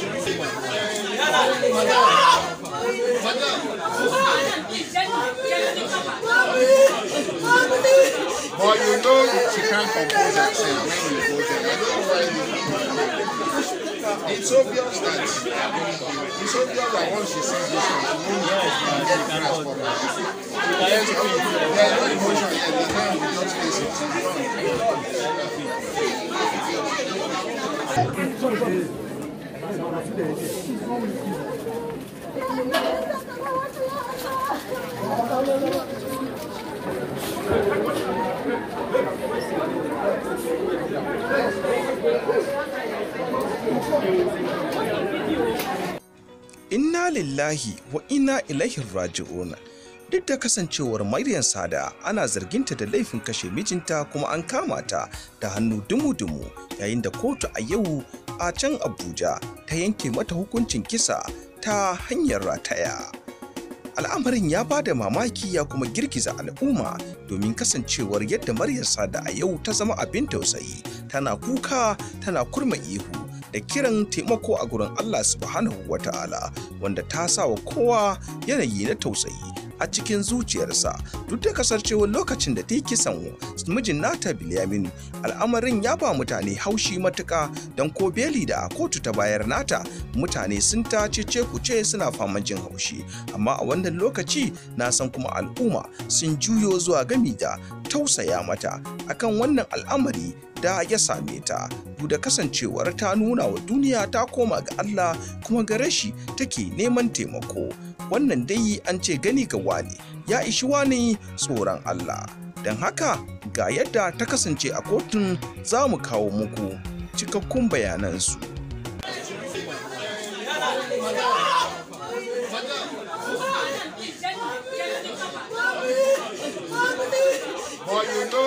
But you know she can't compose herself when you go there. I don't know why you It's obvious that it's obvious that once she sings this song, she won't get the grasp of it. There's no emotion yet, the time will just face it. Inna lillahi wa ilahin ilaihi raji'un duk da kasancewar Maryam Sada ana zarginta da laifin kashe mijinta kuma an kama ta da hannu dumu-dumu yayin da kotu a yau a can Abuja ta yanke mata hukuncin kisa ta hanyar rataya. Al'amarin ya ba da mamaki ya kuma girgiza al'umma domin kasancewar yadda maryarsa da a yau ta zama abin tausayi, tana kuka, tana kurma ihu, da kiran taimako a gurin Allah subhanahu wa wanda ta sa wa kowa yanayi na tausayi a cikin zuciyarsa duk da cewa lokacin da ta yi kisan mijin nata Bilyaminu al'amarin ya ba mutane haushi matuka don ko beli da kotu ta bayar nata mutane sun ta cece kuce suna fama jin haushi amma a wannan lokaci na san kuma al'umma sun juyo zuwa gami da tausaya mata akan wannan al'amari da ya same ta duk da kasancewar ta nuna wa duniya ta koma ga Allah kuma gare shi take neman taimako wannan dai an ce gani ga wani ya ishi wani tsoron Allah don haka ga yadda ta kasance a kotun za mu kawo muku cikakkun bayanansu. But you know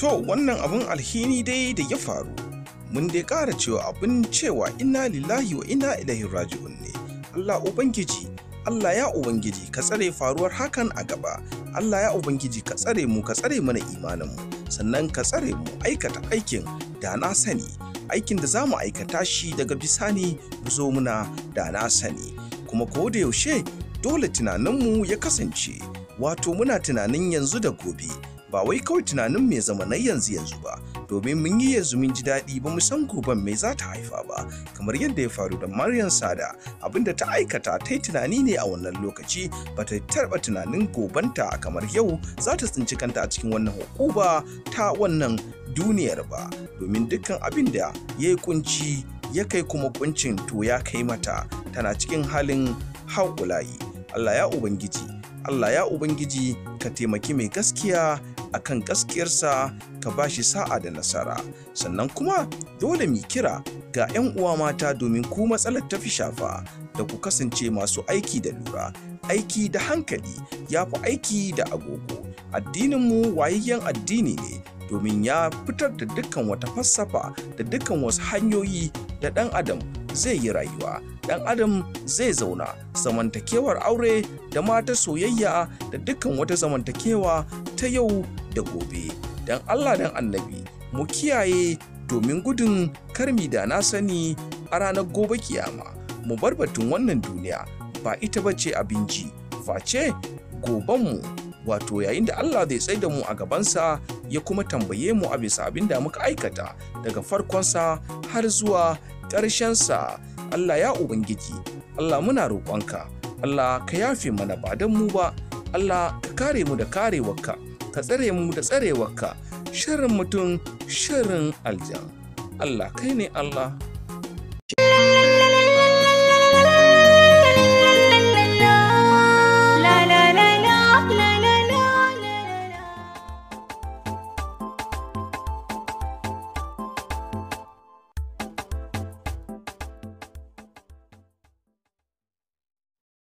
To wannan abin alhini dai da ya faru, mun dai ƙara cewa abin cewa ina lillahi wa ina ilaihi raji'un ne. Allah Ubangiji, Allah ya Ubangiji ka tsare faruwar hakan a gaba, Allah ya Ubangiji ka tsare mu ka tsare mana imanin mu, sannan ka tsare mu aikata aikin da na sani, aikin da za mu aikata shi daga bisani zo muna da na sani. Kuma ko da yaushe dole tunaninmu ya kasance wato muna tunanin yanzu da gobe ba wai kawai tunanin mai zamanai yanzu yanzu ba domin mun yi yanzu mun ji daɗi ba mu san goben mai za ta haifa ba kamar yadda ya faru da Maryam Sada abinda ta aikata ta yi tunani ne a wannan lokaci ba ta tarba tunanin gobanta kamar yau za ta tsinci kanta a cikin wannan hukuba ta wannan duniyar ba domin dukkan abin da ya yi kunci ya kai kuma kuncin to ya kai mata tana cikin halin haƙulayi Allah ya Ubangiji Allah ya Ubangiji ka taimaki mai gaskiya a kan gaskiyarsa ka ba shi sa'a da nasara. Sannan kuma dole mu kira ga 'yan uwa mata domin ku matsalar tafi shafa da ku kasance masu aiki da lura. Aiki da hankali ya fi aiki da agogo. Addininmu wayayyen addini ne domin ya fitar da dukkan wata fassafa da dukkan wasu hanyoyi da ɗan adam zai yi rayuwa ɗan adam zai zauna zamantakewar aure da mata soyayya da dukkan wata zamantakewa ta yau da gobe don allah dan annabi mu kiyaye domin gudun karmi da na sani a ranar gobe kiyama mu bar batun wannan duniya ba ita ba ce abinci face gobanmu wato yayin da Allah zai tsaye da mu a gabansa ya kuma tambaye mu a bisa abin da muka aikata daga farkonsa har zuwa ƙarshensa Allah ya Ubangiji Allah muna roƙonka Allah ka yafe mana ba don mu ba Allah ka kare mu da karewarka ka tsare mu da tsarewarka shirin mutum shirin aljan Allah kai ne Allah